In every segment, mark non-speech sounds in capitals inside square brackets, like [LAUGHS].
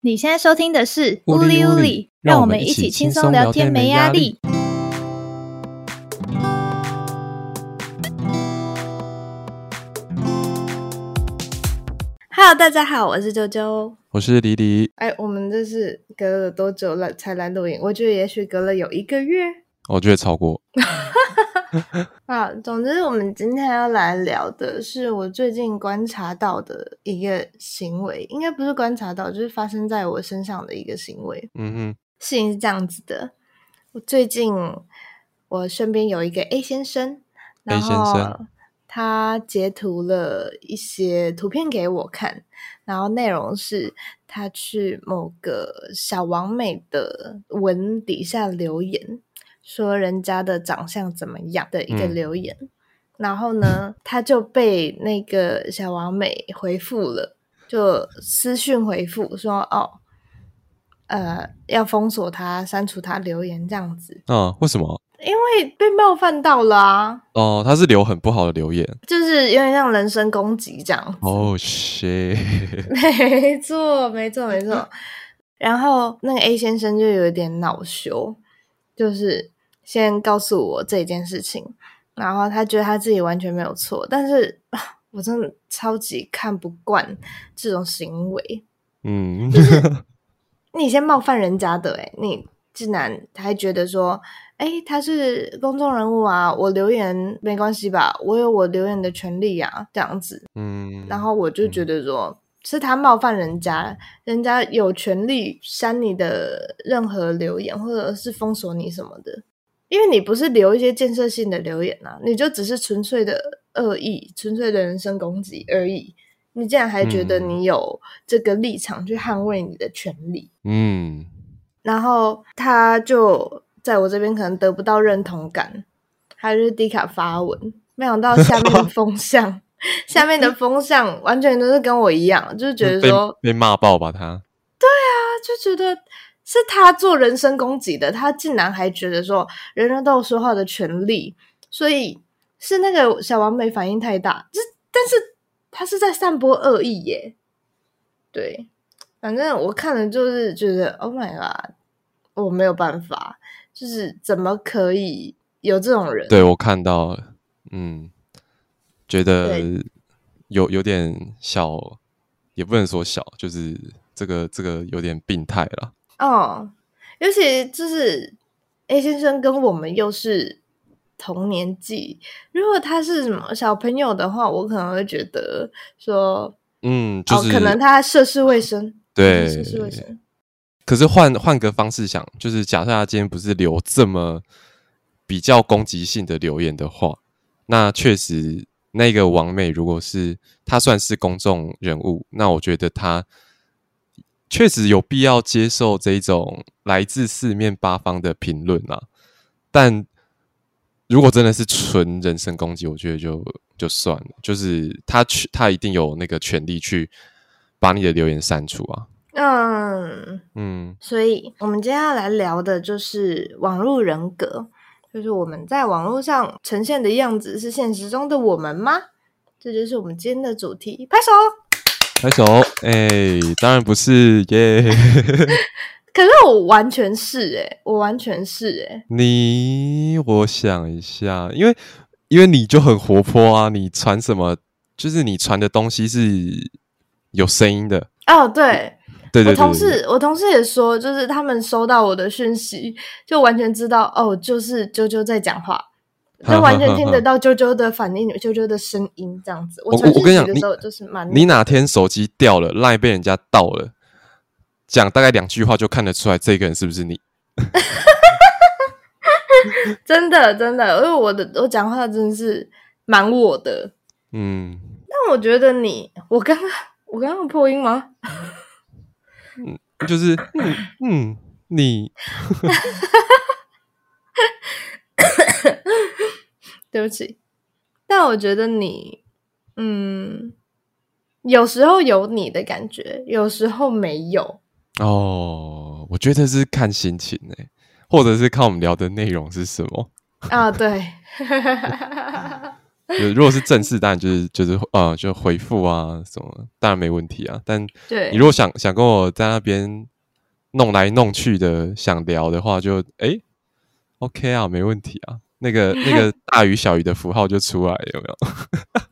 你現在收聽的是嗚哩嗚哩，讓我們一起輕鬆聊天，沒壓力。Hello，大家好，我是啾啾，我是李李。哎，我們這是隔了多久了才來錄影？我覺得也許隔了有一個月，我覺得超過。 [LAUGHS] [LAUGHS] 啊，總之，我們今天要來聊的是我最近觀察到的一個行為，應該不是觀察到，就是發生在我身上的一個行為。嗯嗯。事情是這樣子的，我最近我身邊有一個 A 先生，A 先生，然後，他截圖了一些圖片給我看，然後內容是他去某個小網美的文底下留言。說人家的長相怎麼樣的一個留言，嗯、然後呢，嗯、他就被那個小王美回復了，嗯、就私訊回復說：“哦，呃，要封鎖他，刪除他留言，這樣子。”“啊，為什麼？”“因為被冒犯到了啊。”“哦，他是留很不好的留言，就是有點像人身攻擊這樣。”“哦、oh,，shit，沒錯，沒錯，沒錯。”然後那個 A 先生就有點惱羞，就是。先告訴我這件事情，然後他覺得他自己完全沒有錯，但是我真的超級看不慣這種行為。嗯，就是 [LAUGHS] 你先冒犯人家的、欸，誒你竟然他還覺得說，哎、欸，他是公眾人物啊，我留言沒關係吧，我有我留言的權利啊，這樣子。嗯，然後我就覺得說，是他冒犯人家，人家有權利刪你的任何留言，或者是封鎖你什麼的。因為你不是留一些建設性的留言啊，你就只是純粹的惡意、純粹的人身攻擊而已。你竟然還覺得你有這個立場去捍衛你的權利？嗯。然後他就在我這邊可能得不到認同感。還有就是迪卡發文，沒想到下面的風向， [LAUGHS] [LAUGHS] 下面的風向完全都是跟我一樣，就是覺得說被，被罵爆吧，他。對啊，就覺得。是他做人身攻擊的，他竟然還覺得說人人都有說話的權利，所以是那個小王沒反應太大。是，但是他是在散播惡意耶。對，反正我看了就是覺得，Oh my God，我沒有辦法，就是怎麼可以有這種人？對，我看到，嗯，覺得有有點小，也不能說小，就是這個這個有點病態了。哦，尤其就是 A 先生跟我們又是同年紀，如果他是什麼小朋友的話，我可能會覺得說，嗯，就是、哦、可能他涉世未深，對涉世未深。可是換換個方式想，就是假設他今天不是留這麼比較攻擊性的留言的話，那確實那個王美，如果是他算是公眾人物，那我覺得他。確實有必要接受這種來自四面八方的評論啊，但如果真的是純人身攻擊，我覺得就就算了。就是他他一定有那個權利去把你的留言刪除啊。嗯嗯，所以我們今天要來聊的就是網路人格，就是我們在網絡上呈現的樣子是現實中的我們嗎？這就是我們今天的主題，拍手。分手？哎、欸，當然不是耶。 [LAUGHS] 可是我完全是哎、欸，我完全是哎、欸。你，我想一下，因為因為你就很活潑啊，你傳什麼？就是你傳的東西是有聲音的。哦，對，對對，對我同事，對我同事也說，就是他們收到我的訊息，就完全知道哦，就是啾啾在講話。就完全聽得到啾啾的反應，啊啊啊啊啊啾啾的聲音這樣子。我我，我跟就你講，你哪天手機掉了，賴被人家盜了，講大概兩句話就看得出來這個人是不是你？真的 [LAUGHS] [LAUGHS] 真的，因為我的我講話真的是蠻我的。嗯，但我覺得你，我剛剛我剛剛有破音嗎？ [LAUGHS] 嗯，就是嗯嗯你。 [LAUGHS] [LAUGHS] 對不起，但我覺得你，嗯，有時候有你的感覺，有時候沒有。哦，我覺得是看心情哎、欸，或者是看我們聊的內容是什麼啊、哦？對， [LAUGHS] [LAUGHS] 如果是正式，當然就是就是呃，就回復啊什麼，當然沒問題啊。但你對你如果想想跟我在那邊弄來弄去的想聊的話，就哎，OK 啊，沒問題啊。那個那個大於小於的符號就出來有沒有？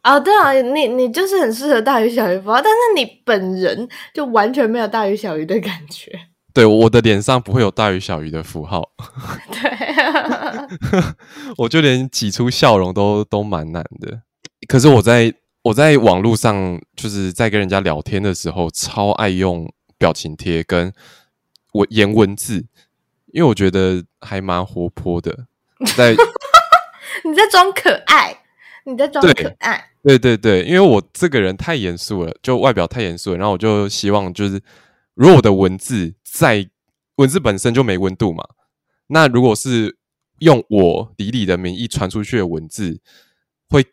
啊 [LAUGHS] ，oh, 對啊，你你就是很適合大於小於符號，但是你本人就完全沒有大於小於的感覺。對，我的臉上不會有大於小於的符號。 [LAUGHS] 對、啊， [LAUGHS] 我就連擠出笑容都都蠻難的。可是我在我在網絡上，就是在跟人家聊天的時候，超愛用表情貼跟文言文字，因為我覺得還蠻活潑的。你在，你在裝可愛，你在裝可愛，對對對，對，因為我這個人太嚴肅了，就外表太嚴肅，然後我就希望就是，如果我的文字在文字本身就沒溫度嘛，那如果是用我李李的名義傳出去的文字，會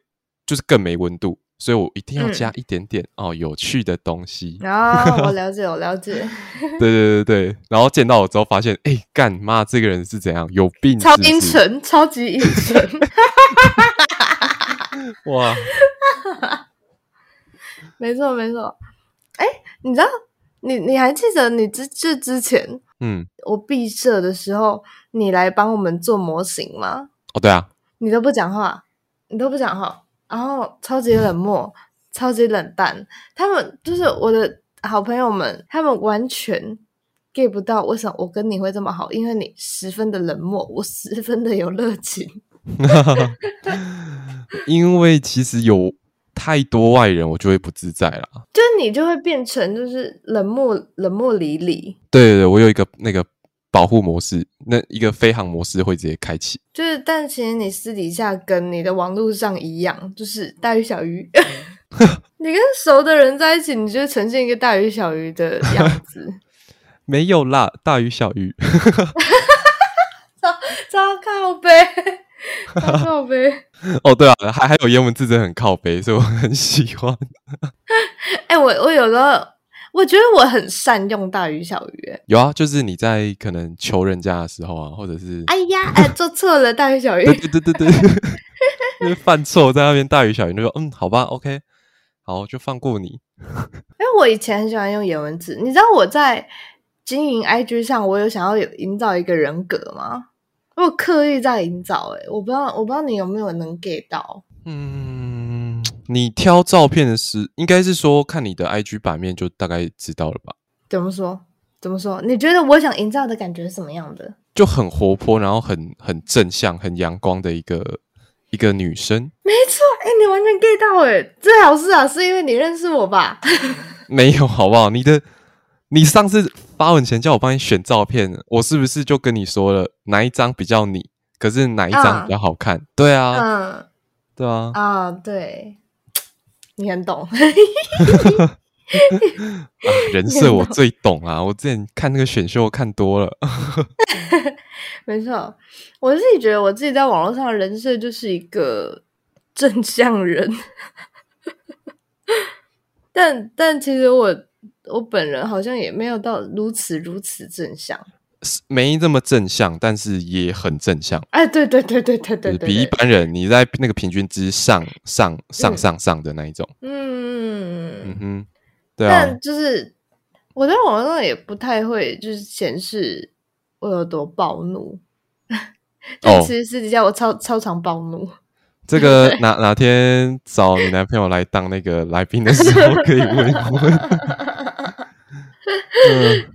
就是更沒溫度。所以我一定要加一點點、嗯、哦，有趣的東西。然後、哦、我了解，我了解。 [LAUGHS] 對對對對對，然後見到我之後，發現哎，乾媽這個人是怎樣？有病是不是？超陰沉，超級陰沉。 [LAUGHS] [LAUGHS] 哇 [LAUGHS] 沒！沒錯沒錯。哎，你知道，你你還記得你之這之前，嗯，我畢設的時候，你來幫我們做模型嗎？哦，對啊。你都不講話，你都不講話。然後超級冷漠，超級冷淡。他們就是我的好朋友們，他們完全 get 不到為什麼我跟你會這麼好，因為你十分的冷漠，我十分的有熱情。 [LAUGHS] [LAUGHS] 因為其實有太多外人，我就會不自在了。就是你就會變成就是冷漠，冷漠李李。對對對，我有一個那個。保護模式，那一個飛航模式會直接開啟。就是，但其實你私底下跟你的網絡上一樣，就是大魚小魚。 [LAUGHS] [LAUGHS] 你跟熟的人在一起，你就呈現一個大魚小魚的樣子。 [LAUGHS] 沒有啦，大魚小魚。哈哈哈哈哈！超靠北，超靠北。 [LAUGHS] 哦，對啊，還還有顏文字真的很靠北，所以我很喜歡。哎、 [LAUGHS] [LAUGHS] 欸，我我有個。我覺得我很善用大於小於。欸，有啊，就是你在可能求人家的時候啊，或者是哎呀，哎、呃，做錯了，大於小於， [LAUGHS] 對對對對 [LAUGHS] 因為犯錯在那邊，大於小於就說，嗯，好吧，OK，好，就放過你。 [LAUGHS] 因為我以前很喜歡用顏文字，你知道我在經營 IG 上，我有想要有營造一個人格嗎？我有刻意在營造、欸，哎，我不知道，我不知道你有沒有能 get 到，嗯。你挑照片的時候，應該是說看你的 IG 版面就大概知道了吧？怎麼說？怎麼說？你覺得我想營造的感覺是什麼樣的？就很活潑，然後很很正向、很陽光的一個一個女生。沒錯，哎、欸，你完全 get 到，哎、欸，最好是啊，是因為你認識我吧？ [LAUGHS] 沒有，好不好？你的，你上次發文前叫我幫你選照片，我是不是就跟你說了哪一張比較你？可是哪一張比較好看？啊對啊，嗯，對啊，啊，對。你很懂， [LAUGHS] [LAUGHS] 啊，人設我最懂啊！懂，我之前看那個選秀看多了， [LAUGHS] [LAUGHS] 沒錯，我自己覺得我自己在網絡上的人設就是一個正向人 [LAUGHS] 但，但但其實我我本人好像也沒有到如此如此正向。沒那麼正向，但是也很正向。哎、啊，對對對對對對，比一般人你在那個平均之上，上上上上上的那一種。嗯嗯嗯哼，對啊。但就是我在網上也不太會，就是顯示我有多暴怒。 [LAUGHS] 但其實私底下我超、哦、超常暴怒。這個哪對哪天找你男朋友來當那個來賓的時候可以問一問。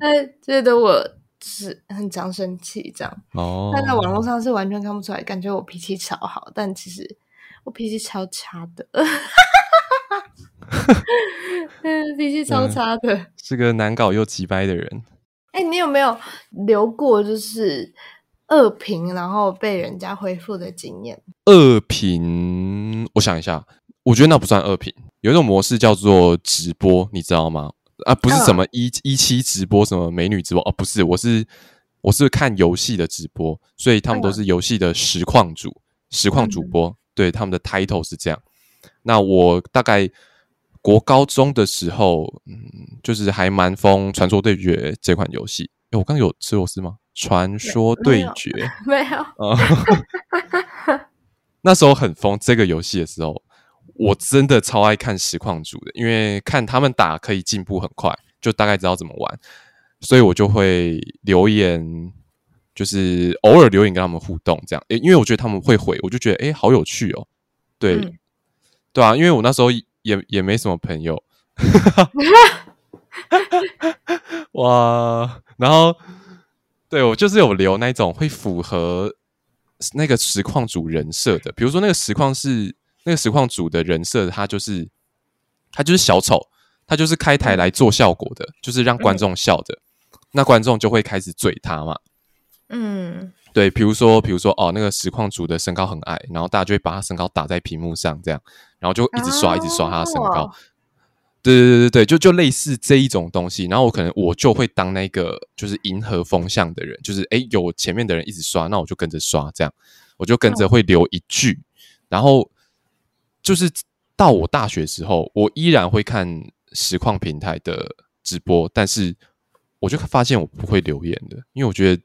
哎，覺得我。是很常生氣這樣，oh. 但在網絡上是完全看不出來。感覺我脾氣超好，但其實我脾氣超差的。 [LAUGHS] [LAUGHS] [LAUGHS] 嗯，脾氣超差的、嗯，是個難搞又急掰的人。哎、欸，你有沒有留過就是惡評，然後被人家回覆的經驗？惡評，我想一下，我覺得那不算惡評。有一種模式叫做直播，你知道嗎？啊，不是什麼一一期直播，什麼美女直播哦，啊，不是，我是我是看遊戲的直播，所以他們都是遊戲的實況主、實況主播，對，他們的 title 是這樣。那我大概國高中的時候，嗯，就是還蠻瘋《傳說對決》欸這款遊戲。誒，我剛剛有吃螺絲嗎？《傳說對決》沒有啊。 [LAUGHS] [LAUGHS] [LAUGHS] 那時候很瘋這個遊戲的時候。我真的超愛看實況主的，因為看他們打可以進步很快，就大概知道怎麼玩，所以我就會留言，就是偶爾留言跟他們互動，這樣誒、欸，因為我覺得他們會回，我就覺得誒、欸，好有趣哦，對，嗯、對啊，因為我那時候也也沒什麼朋友， [LAUGHS] 哇，然後對，我就是有留那種會符合那個實況主人設的，比如說那個實況是，那個實況主的人設，他就是，他就是小丑，他就是開台來做效果的，就是讓觀眾笑的。嗯、那觀眾就會開始嘴他嘛。嗯，對，比如說，比如說，哦，那個實況主的身高很矮，然後大家就會把他身高打在屏幕上，這樣，然後就一直刷，啊、一直刷他的身高。哇對對對對就就類似這一種東西。然後我可能我就會當那個就是迎合風向的人，就是哎、欸，有前面的人一直刷，那我就跟着刷，這樣，我就跟着會留一句，嗯、然後。就是到我大學時候，我依然會看實況平台的直播，但是我就發現我不會留言的，因為我覺得，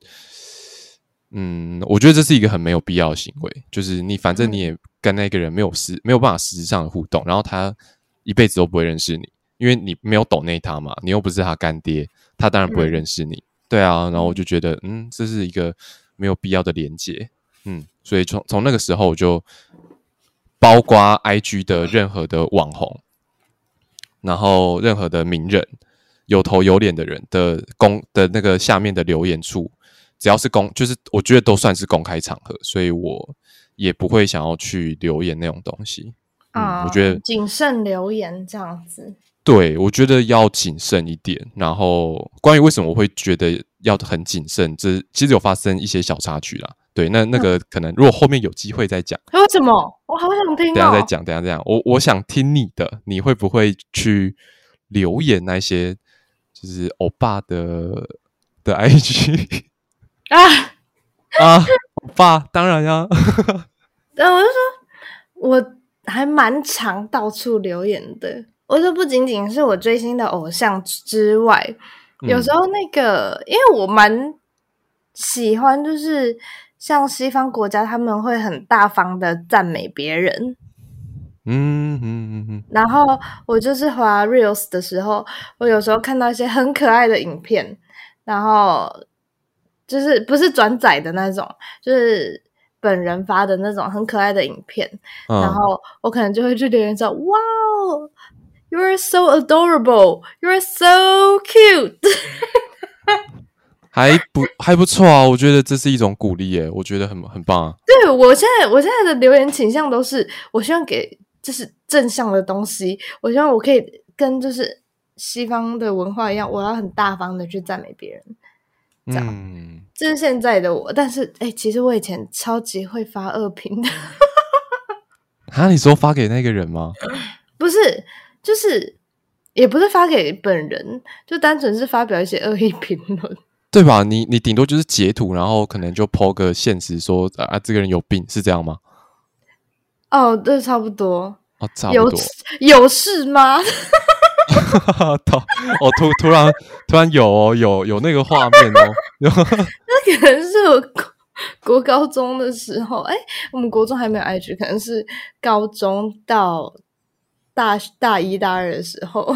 嗯，我覺得這是一個很沒有必要的行為。就是你反正你也跟那個人沒有實沒有辦法實質上的互動，然後他一輩子都不會認識你，因為你沒有抖內他嘛，你又不是他乾爹，他當然不會認識你。對啊，然後我就覺得，嗯，這是一個沒有必要的連接。嗯，所以從從那個時候我就。包括 IG 的任何的網紅，然後任何的名人、有頭有臉的人的公的那個下面的留言處，只要是公，就是我覺得都算是公開場合，所以我也不會想要去留言那種東西。嗯、啊，我覺得謹慎留言這樣子。對，我覺得要謹慎一點。然後，關於為什麼我會覺得要很謹慎，這其實有發生一些小插曲啦。對，那那個可能如果後面有機會再講、啊。為什麼我好想聽、哦等？等下再講，等下等下，我我想聽你的，你會不會去留言那些就是歐巴的的 IG 啊啊，啊歐巴當然要、啊。 [LAUGHS] 對，我就說我還蠻常到處留言的。我說不僅僅是我追星的偶像之外，嗯、有時候那個因為我蠻喜歡，就是。像西方國家，他們會很大方的讚美別人。嗯嗯嗯嗯。嗯嗯然後我就是滑 reels 的時候，我有時候看到一些很可愛的影片，然後就是不是轉載的那種，就是本人發的那種很可愛的影片。嗯。然後我可能就會去留言說：“哇、wow, 哦，You are so adorable. You are so cute.” [LAUGHS] 還不還不錯啊，我覺得這是一種鼓勵，耶。我覺得很很棒啊。對，我現在我現在的留言傾向都是我希望給就是正向的東西，我希望我可以跟就是西方的文化一樣，我要很大方的去讚美別人。這樣，嗯、這是現在的我。但是，哎、欸，其實我以前超級會發惡評的。啊， [LAUGHS] 你說發給那個人嗎？不是，就是也不是發給本人，就單純是發表一些惡意評論。對吧，你你頂多就是截圖，然後可能就 po 個限時說，啊這個人有病。是這樣嗎？哦對，差不多、哦、差不多，有有事嗎？ [LAUGHS] [LAUGHS] 哦突、突然突然有，哦有有那個畫面哦 [LAUGHS] [LAUGHS] 那可能是我國高中的時候，哎、欸、我們國中還沒有 IG，可能是高中到大大一大二的時候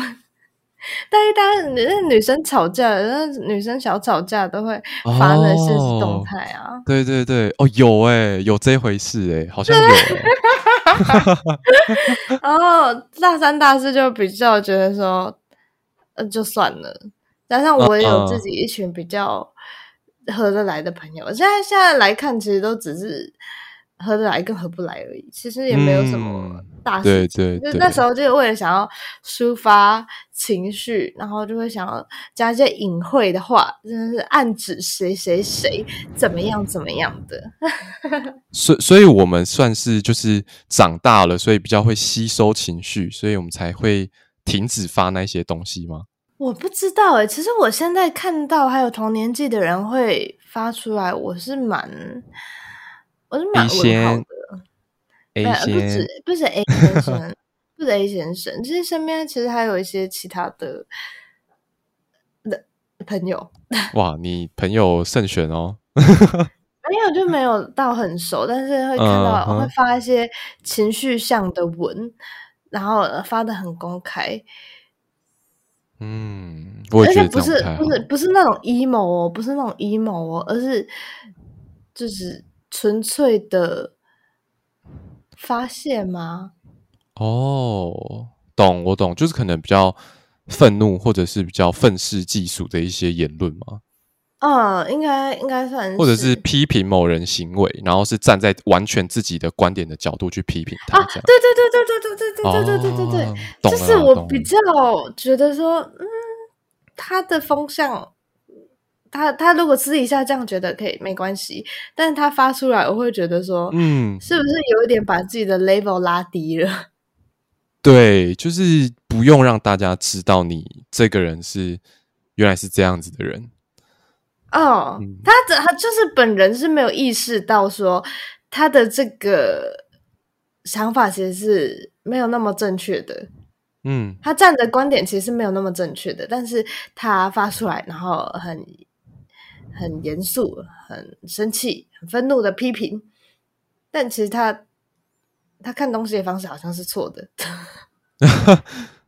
但是，但是，女生吵架，但女生小吵架都會發那限時動態啊、哦。對對對，哦，有哎、欸，有這回事哎、欸，好像有。然後大三、大四就比較覺得說，呃、就算了。加上我也有自己一群比較合得來的朋友。啊、現在現在來看，其實都只是。合得來，跟合不來而已，其實也沒有什麼大事、嗯。對對，對就是那時候就為了想要抒發情緒，然後就會想要加一些隱晦的話，真、就、的是暗指誰誰誰，誰怎麼樣怎麼樣的。所 [LAUGHS] 所以，所以我們算是就是長大了，所以比較會吸收情緒，所以我們才會停止發那些東西嗎？我不知道哎、欸，其實我現在看到還有同年紀的人會發出來，我是蠻。我是蠻文好的，的，A 先、啊、不只、不只 A 先生， [LAUGHS] 不是 A 先生，其實身邊其實還有一些其他的的朋友。哇，你朋友慎選哦。沒 [LAUGHS] 有就沒有到很熟，但是會看到、uh huh. 會發一些情緒向的文，然後發得很公開。嗯，不而且不，不是不是不是不是那種 emo 哦，不是那種 emo 哦，而是就是。純粹的發泄嗎？哦，懂我懂，就是可能比較憤怒或者是比較憤世嫉俗的一些言論嗎？啊，應該應該算，或者是批評某人行為，然後是站在完全自己的觀點的角度去批評他。對對對對對對對對對對對對對對，就是我比較覺得說，嗯，他的方向。他他如果私底下這樣覺得可以沒關係，但是他發出來我會覺得說，嗯，是不是有一點把自己的 level 拉低了？對，就是不用讓大家知道你這個人是原來是這樣子的人。哦，他他就是本人是沒有意識到說他的這個想法其實是沒有那麼正確的。嗯，他站的觀點其實是沒有那麼正確的，但是他發出來然後很，很嚴肅、很生氣、很憤怒的批評，但其實他他看東西的方式好像是錯的。 [LAUGHS]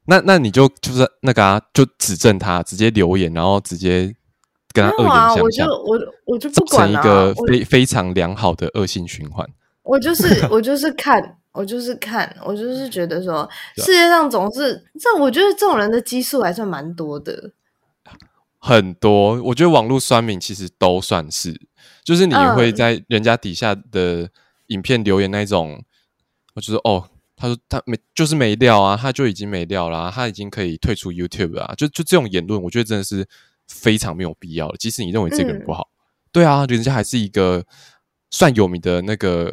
那那你就就是那個、啊，就指正他，直接留言，然後直接跟他惡言相向、啊。我就我我就不管、啊、一個非我非常良好的惡性循環。我就是我就是看 [LAUGHS] 我就是看我就是覺得說，啊、世界上總是這，我覺得這種人的基數還算蠻多的。很多，我覺得網絡酸民其實都算是，就是你會在人家底下的影片留言那種，就、oh. 我覺得哦，他說他沒就是沒料啊，他就已經沒料啦、啊，他已經可以退出 YouTube 啦、啊。就就這種言論，我覺得真的是非常沒有必要的。即使你認為這個人不好，mm. 對啊，人家還是一個算有名的那個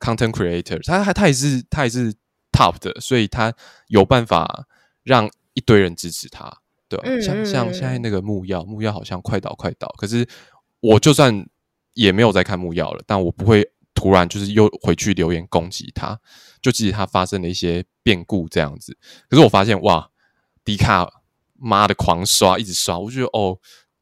content creator，他還他，他也是他也是 top 的，所以他有辦法讓一堆人支持他。對啊，像像現在那個木曜，木曜好像快倒快倒。可是我就算也沒有在看木曜了，但我不會突然就是又回去留言攻擊他，就即使他發生了一些變故這樣子。可是我發現哇，迪卡媽的狂刷一直刷，我就覺得哦，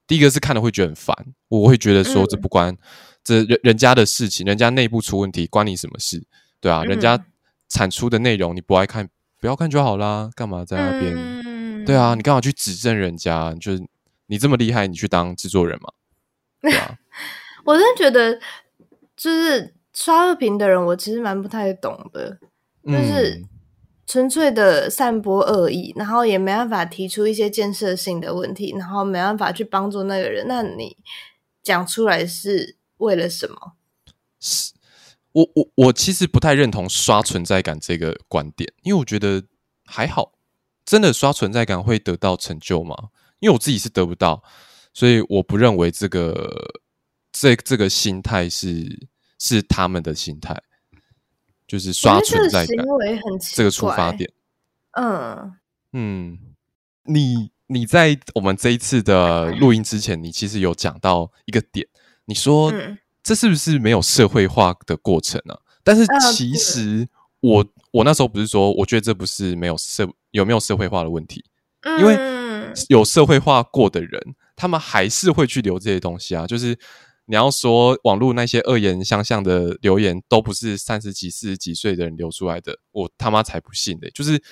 第一個是看了會覺得很煩，我會覺得說，這不關這人人家的事情，人家內部出問題關你什麼事？對啊，嗯。人家產出的內容你不愛看，不要看就好啦，幹嘛在那邊？嗯對啊，你幹嘛去指證人家？就是你這麼厲害，你去當製作人嘛？對吧、啊？ [LAUGHS] 我真的覺得，就是刷惡評的人，我其實蠻不太懂的，嗯、就是純粹的散播惡意，然後也沒辦法提出一些建設性的問題，然後沒辦法去幫助那個人。那你講出來是為了什麼？是，我我我其實不太認同刷存在感這個觀點，因為我覺得還好。真的刷存在感會得到成就嗎？因為我自己是得不到，所以我不認為這個這這個心態是是他們的心態，就是刷存在感。這個行為很奇怪。這個出發點，嗯嗯，你你在我們這一次的錄音之前，你其實有講到一個點，你說、嗯、這是不是沒有社會化的過程呢、啊？但是其實我、嗯、我那時候不是說，我覺得這不是沒有社。有沒有社會化的問題？因為有社會化過的人，他們還是會去留這些東西啊。就是你要說網絡那些惡言相向的留言，都不是三十幾、四十幾歲的人留出來的，我他媽才不信呢。就是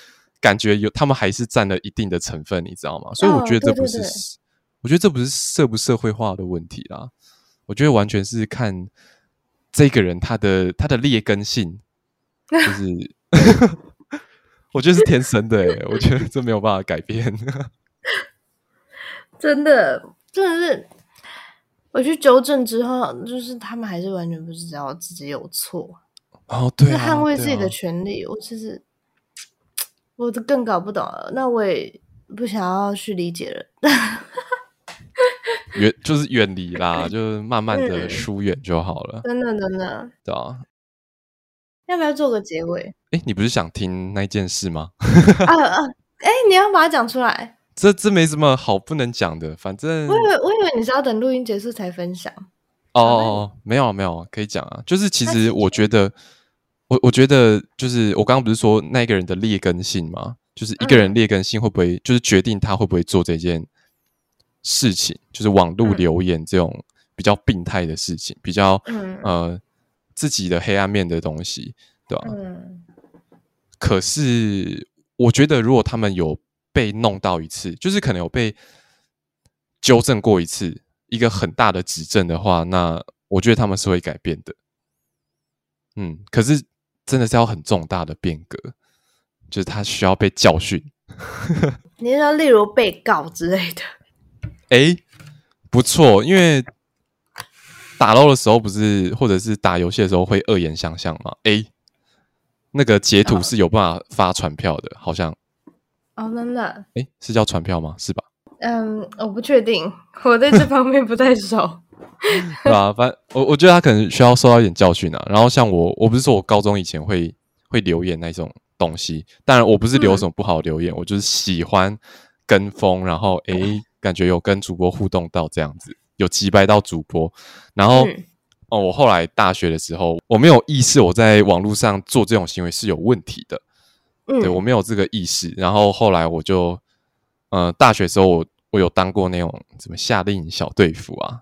感覺有他們還是佔了一定的成分，你知道嗎？所以我覺得這不是，我覺得這不是社不社會化的問題啦。我覺得完全是看這個人他的他的劣根性，就是。 [LAUGHS] [LAUGHS] 我覺得是天生的、欸， [LAUGHS] 我覺得這沒有辦法改變。 [LAUGHS] 真的，真的是我去糾正之後，就是他們還是完全不知道自己有錯。哦，對、啊，是捍衛自己的權利。啊、我其、就、實、是，我都更搞不懂了。那我也不想要去理解人， [LAUGHS] 遠就是遠離啦， [LAUGHS] 就是慢慢的疏遠就好了。嗯、真的，真的，對啊，要不要做個結尾？你不是想聽那件事嗎？啊 [LAUGHS] 哎、uh, uh,，你要把它講出來。這這沒什麼好不能講的，反正我以為我以為你是要等錄音結束才分享。哦，哦哦，沒有沒有，可以講啊。就是其實我覺得，我我覺得就是我剛剛不是說那一個人的劣根性嗎？就是一個人劣根性會不會就是決定他會不會做這件事情？就是網絡留言這種比較病態的事情，比較、嗯、呃自己的黑暗面的東西，對吧？嗯。可是，我覺得如果他們有被弄到一次，就是可能有被糾正過一次，一個很大的指正的話，那我覺得他們是會改變的。嗯，可是真的是要很重大的變革，就是他需要被教訓。 [LAUGHS] 你說，例如被告之類的？哎，不錯，因為打鬥的時候不是，或者是打遊戲的時候會惡言相向嗎？哎。那個截圖是有辦法發傳票的，好像哦，真的，誒，是叫傳票嗎？是吧？嗯，um, 我不確定，我對這方面不太熟， [LAUGHS] [LAUGHS] 對吧、啊？反正我我覺得他可能需要受到一點教訓啊。然後像我，我不是說我高中以前會會留言那種東西，當然我不是留什麼不好留言，嗯、我就是喜歡跟風，然後誒、欸，感覺有跟主播互動到這樣子，有擊敗到主播，然後。嗯哦，我後來大學的時候，我沒有意識我在網絡上做這種行為是有問題的，嗯、對我沒有這個意識。然後後來我就，呃，大學的時候我我有當過那種什麼夏令營小隊服啊，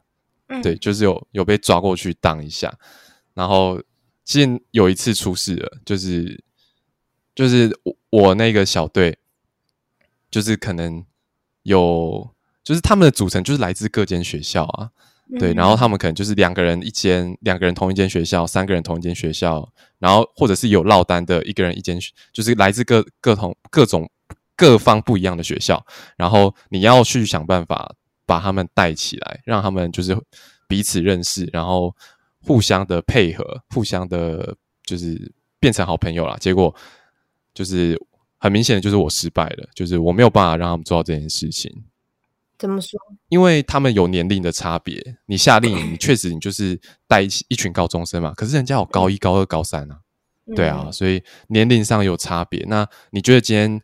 嗯、對，就是有有被抓過去當一下。然後其實有一次出事了，就是就是我我那個小隊，就是可能有，就是他們的組成就是來自各間學校啊。對，然後他們可能就是兩個人一間，兩個人同一間學校，三個人同一間學校，然後或者是有落單的，一個人一間，就是來自各各同各種各方不一樣的學校，然後你要去想辦法把他們帶起來，讓他們就是彼此認識，然後互相的配合，互相的就是變成好朋友啦。結果就是很明顯的就是我失敗了，就是我沒有辦法讓他們做到這件事情。怎麼說？因為他們有年齡的差別。你夏令營確實你就是帶一群高中生嘛，可是人家有高一、高二、高三啊，嗯、對啊，所以年齡上有差別。那你覺得今天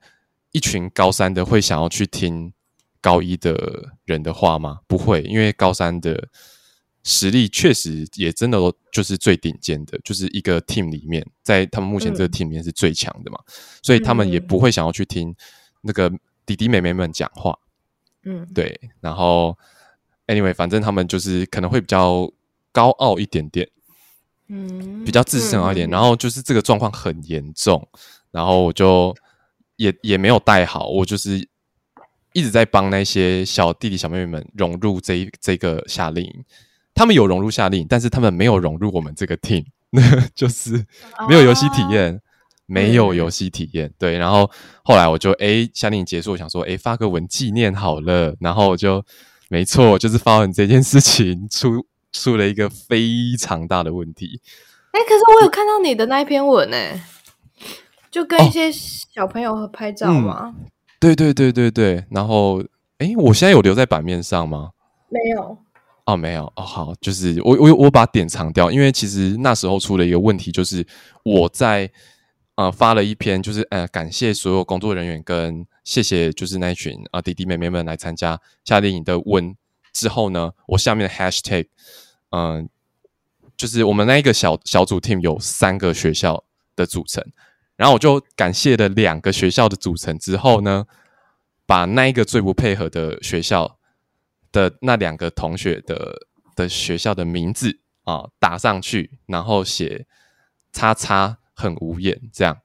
一群高三的會想要去聽高一的人的話嗎？不會，因為高三的實力確實也真的都就是最頂尖的，就是一個 team 裡面，在他們目前這個 team 裡面是最強的嘛，嗯、所以他們也不會想要去聽那個弟弟妹妹們講話。嗯，對，然後 anyway，反正他們就是可能會比較高傲一點點，嗯，比較自信一點。嗯，然後就是這個狀況很嚴重，然後我就也也沒有帶好，我就是一直在幫那些小弟弟小妹妹們融入這一這個夏令營。他們有融入夏令營，但是他們沒有融入我們這個 team， [LAUGHS] 就是沒有遊戲體驗。哦。沒有遊戲體驗，對，對，然後後來我就哎，夏令營結束，我想說哎發個文紀念好了，然後我就沒錯，就是發完這件事情出出了一個非常大的問題。哎，可是我有看到你的那一篇文誒、欸，嗯、就跟一些小朋友拍照嗎？哦嗯、對對對對對，然後哎，我現在有留在版面上嗎？沒有。哦，沒有哦，好，就是我我我把點藏掉，因為其實那時候出了一個問題，就是我在。啊、呃，發了一篇，就是呃，感謝所有工作人員跟謝謝，就是那一群啊、呃、弟弟妹妹們來參加夏令營的文之後呢，我下面的 hashtag，嗯、呃，就是我們那一個小小組 team 有三個學校的組成，然後我就感謝了兩個學校的組成之後呢，把那一個最不配合的學校的那兩個同學的的學校的名字啊、呃、打上去，然後寫叉叉。很無言這樣，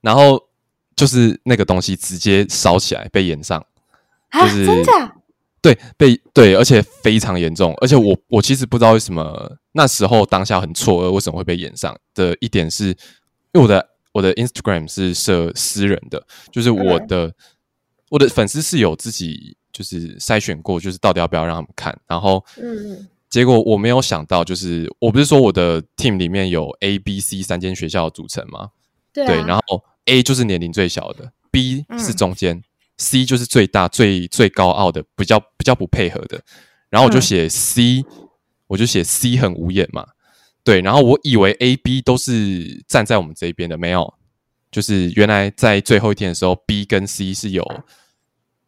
然後就是那個東西直接燒起來被炎上，就是真的，對，被對，而且非常嚴重，而且我我其實不知道為什麼那時候當下很錯愕，為什麼會被炎上的一點是因為我的我的 Instagram 是設私人的，就是我的、嗯、我的粉絲是有自己就是篩選過，就是到底要不要讓他們看，然後、嗯結果我沒有想到，就是我不是說我的 team 裡面有 A、B、C 三間學校組成嗎？對，啊、對，然後 A 就是年齡最小的，B 是中間、嗯、，C 就是最大、最最高傲的，比較比較不配合的。然後我就寫 C、嗯、我就寫 C 很無言嘛，對。然後我以為 A、B 都是站在我們這邊的，沒有。就是原來在最後一天的時候，B 跟 C 是有、嗯、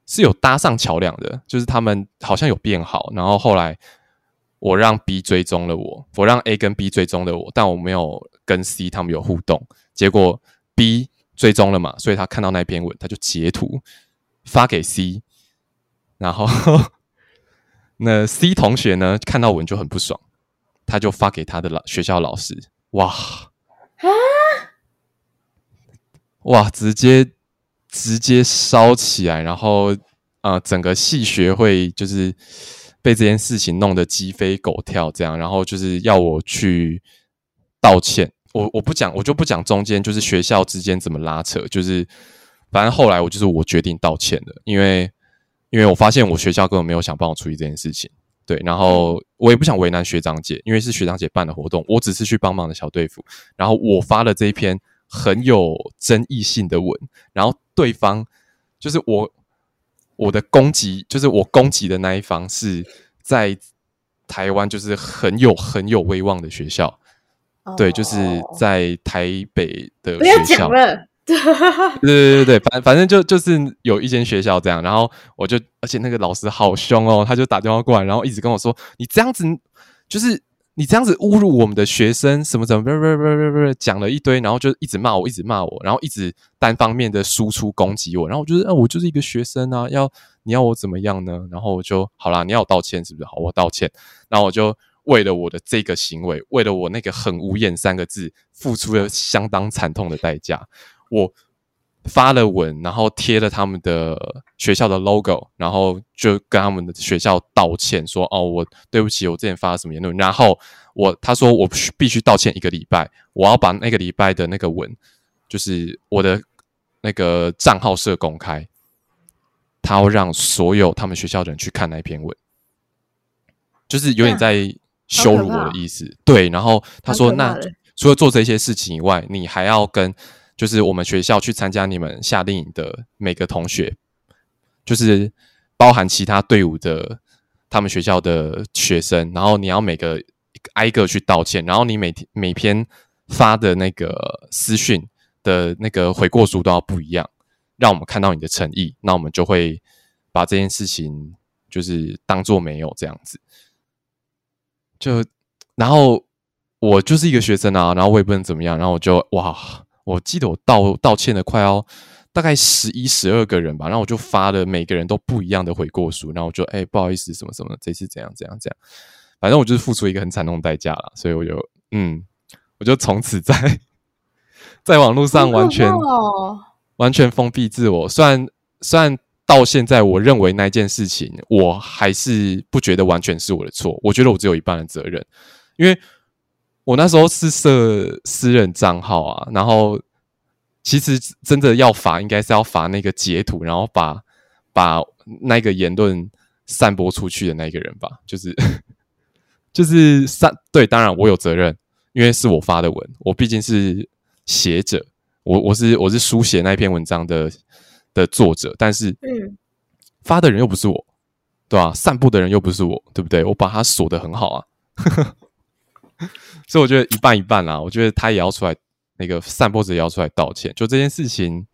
是有搭上橋梁的，就是他們好像有變好。然後後來。我讓 B 追蹤了我，我讓 A 跟 B 追蹤了我，但我沒有跟 C 他們有互動。結果 B 追蹤了嘛，所以他看到那篇文，他就截圖發給 C，然後 [LAUGHS] 那 C 同學呢，看到文就很不爽，他就發給他的老學校老師。哇啊！哇，直接直接燒起來，然後啊、呃，整個系學會就是，被這件事情弄得雞飛狗跳，這樣，然後就是要我去道歉。我我不講，我就不講，中間就是學校之間怎麼拉扯，就是反正後來我就是我決定道歉的，因為因為我發現我學校根本沒有想幫我處理這件事情，對，然後我也不想為難學長姐，因為是學長姐辦的活動，我只是去幫忙的小隊輔，然後我發了這一篇很有爭議性的文，然後對方就是我。我的攻擊就是我攻擊的那一方是在台灣，就是很有很有威望的學校，oh. 對，就是在台北的學校不要講了，對 [LAUGHS] 對對對對，反反正就就是有一間學校這樣，然後我就，而且那個老師好兇哦，他就打電話過來，然後一直跟我說你這樣子就是。你這樣子侮辱我們的學生，什麼什麼，別講了一堆，然後就一直罵我，一直罵我，然後一直單方面的輸出攻擊我，然後我就是，啊，我就是一個學生啊，要你要我怎麼樣呢？然後我就好啦，你要我道歉是不是？好，我道歉。然後我就為了我的這個行為，為了我那個“很無言”三個字，付出了相當慘痛的代價。我。發了文，然後貼了他們的學校的 logo，然後就跟他們的學校道歉說：“哦，我對不起，我之前發了什麼言論。”然後我他說我必須道歉一個禮拜，我要把那個禮拜的那個文，就是我的那個賬號設公開，他要讓所有他們學校的人去看那篇文，就是有點在羞辱我的意思。啊、對，然後他說：“那除了做這些事情以外，你還要跟。”就是我們學校去參加你們夏令營的每個同學，就是包含其他隊伍的他們學校的學生，然後你要每個挨個，去道歉，然後你每天每篇發的那個私訊的那個悔過書都要不一樣，讓我們看到你的誠意，那我們就會把這件事情就是當做沒有這樣子。就然後我就是一個學生啊，然後我也不能怎麼樣，然後我就哇。我記得我道我道歉的，快要大概十一十二個人吧然後我就發了每個人都不一樣的悔過書，然後我就哎，不好意思，什麼什麼，這次怎樣怎樣怎樣，反正我就是付出一個很慘痛的代價啦，所以我就嗯，我就從此在在網路上完全、嗯嗯、完全封閉自我。雖然雖然到現在，我認為那件事情我還是不覺得完全是我的錯，我覺得我只有一半的責任，因為。我那時候是設私人賬號啊，然後其實真的要罰，應該是要罰那個截圖，然後把把那個言論散播出去的那個人吧，就是就是散對。當然我有責任，因為是我發的文，我畢竟是寫者，我我是我是書寫那篇文章的的作者，但是嗯，發的人又不是我，對吧？散播的人又不是我，對不對？我把它鎖得很好啊。 [LAUGHS] [LAUGHS] 所以我覺得一半一半啦、啊，我覺得他也要出來，那個散播者也要出來道歉。就這件事情，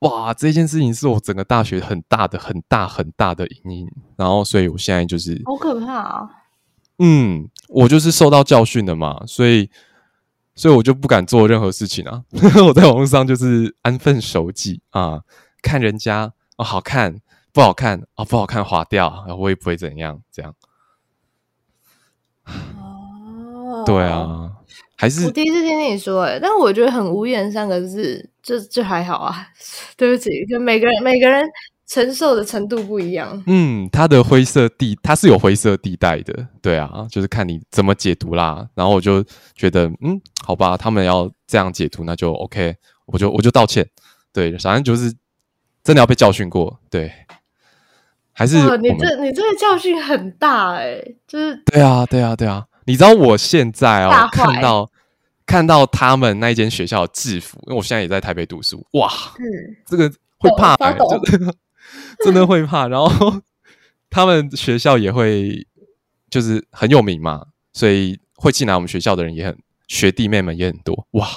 哇，這件事情是我整個大學很大的、很大、很大的陰影。然後，所以我現在就是好可怕啊！嗯，我就是受到教訓的嘛，所以，所以我就不敢做任何事情啊。 [LAUGHS] 我在網絡上就是安分守己啊，看人家啊、哦、好看不好看啊、哦、不好看劃掉，然、啊、後我也不會怎樣這樣。 [LAUGHS] 對啊，還是我第一次聽你說誒、欸，但我覺得很無言三個字，這這還好啊。對不起，就每個人每個人承受的程度不一樣。嗯，他的灰色地，他是有灰色地帶的。對啊，就是看你怎麼解讀啦。然後我就覺得，嗯，好吧，他們要這樣解讀，那就 OK。我就我就道歉。對，反正就是真的要被教訓過。對，還是你這你這個教訓很大誒、欸，就是對啊，對啊，對啊。你知道我現在哦，壞看到看到他們那一間學校的制服，因為我現在也在台北讀書，哇，嗯、這個會怕，欸哦真的，真的會怕。嗯、然後他們學校也會就是很有名嘛，所以會進來我們學校的人也很學弟妹們也很多，哇，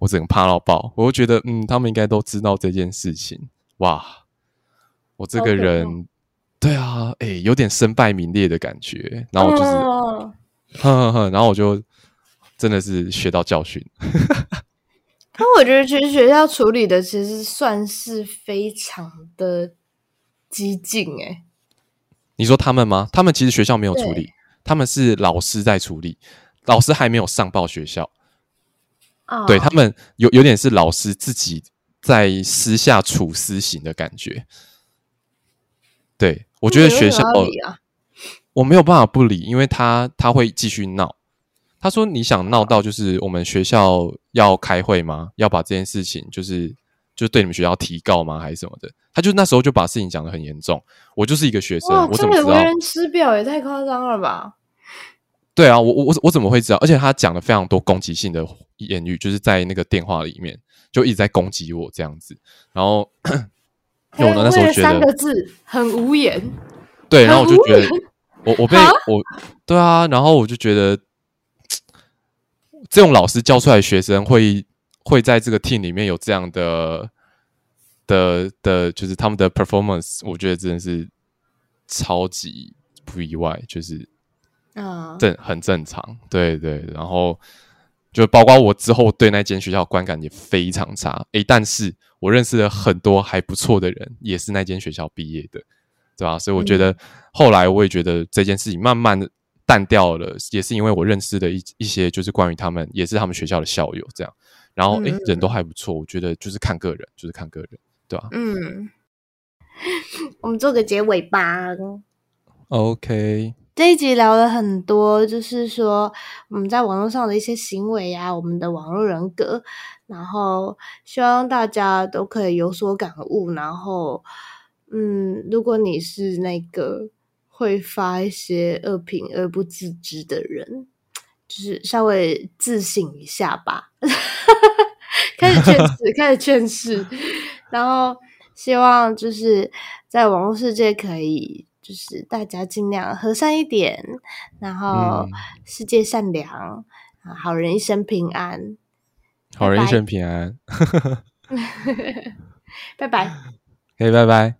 我整個怕到爆。我就覺得，嗯，他們應該都知道這件事情，哇，我這個人，對啊 Okay.、哎，有點身敗名裂的感覺。然後就是。嗯哼哼哼，然後我就真的是學到教訓。呵呵，但我覺得其實學校處理的其實算是非常的激進誒。你說他們嗎？他們其實學校沒有處理，對他們是老師在處理，老師還沒有上報學校。Oh. 對，他們有有點是老師自己在私下處私刑的感覺。對，我覺得學校。我沒有辦法不理，因為他他會繼續鬧。他說：“你想鬧到就是我們學校要開會嗎？要把這件事情就是就對你們學校提告嗎？還是什麼的？”他就那時候就把事情講得很嚴重。我就是一個學生，哇我怎麼為人師表也太誇張了吧？對啊，我我我怎麼會知道？而且他講了非常多攻擊性的言語，就是在那個電話裡面就一直在攻擊我這樣子。然後， [LAUGHS] 我那時候覺得這三個字很無言。對，然後我就覺得。我我被、啊、我對啊，然後我就覺得這種老師教出來的學生會會在這個 team 裡面有這樣的的的，就是他們的 performance，我覺得真的是超級不意外，就是啊正、哦、很正常，對對，然後就包括我之後對那間學校觀感也非常差，誒，但是我認識了很多還不錯的人，也是那間學校畢業的。對吧、啊？所以我覺得後來我也覺得這件事情慢慢淡掉了，嗯、也是因為我認識的一一些就是關於他們，也是他們學校的校友這樣。然後誒、嗯欸，人都還不錯，我覺得就是看個人，就是看個人，對吧、啊？嗯，我們做個結尾吧。OK，這一集聊了很多，就是說我們在網路上的一些行為啊，我們的網路人格，然後希望大家都可以有所感悟，然後。嗯，如果你是那個會發一些惡評而不自知的人，就是稍微自省一下吧。 [LAUGHS] 開始勸世， [LAUGHS] 開始勸世，然後希望就是在網絡世界可以，就是大家盡量和善一點，然後世界善良，嗯、好人一生平安，好人一生平安。拜拜，嘿，拜拜。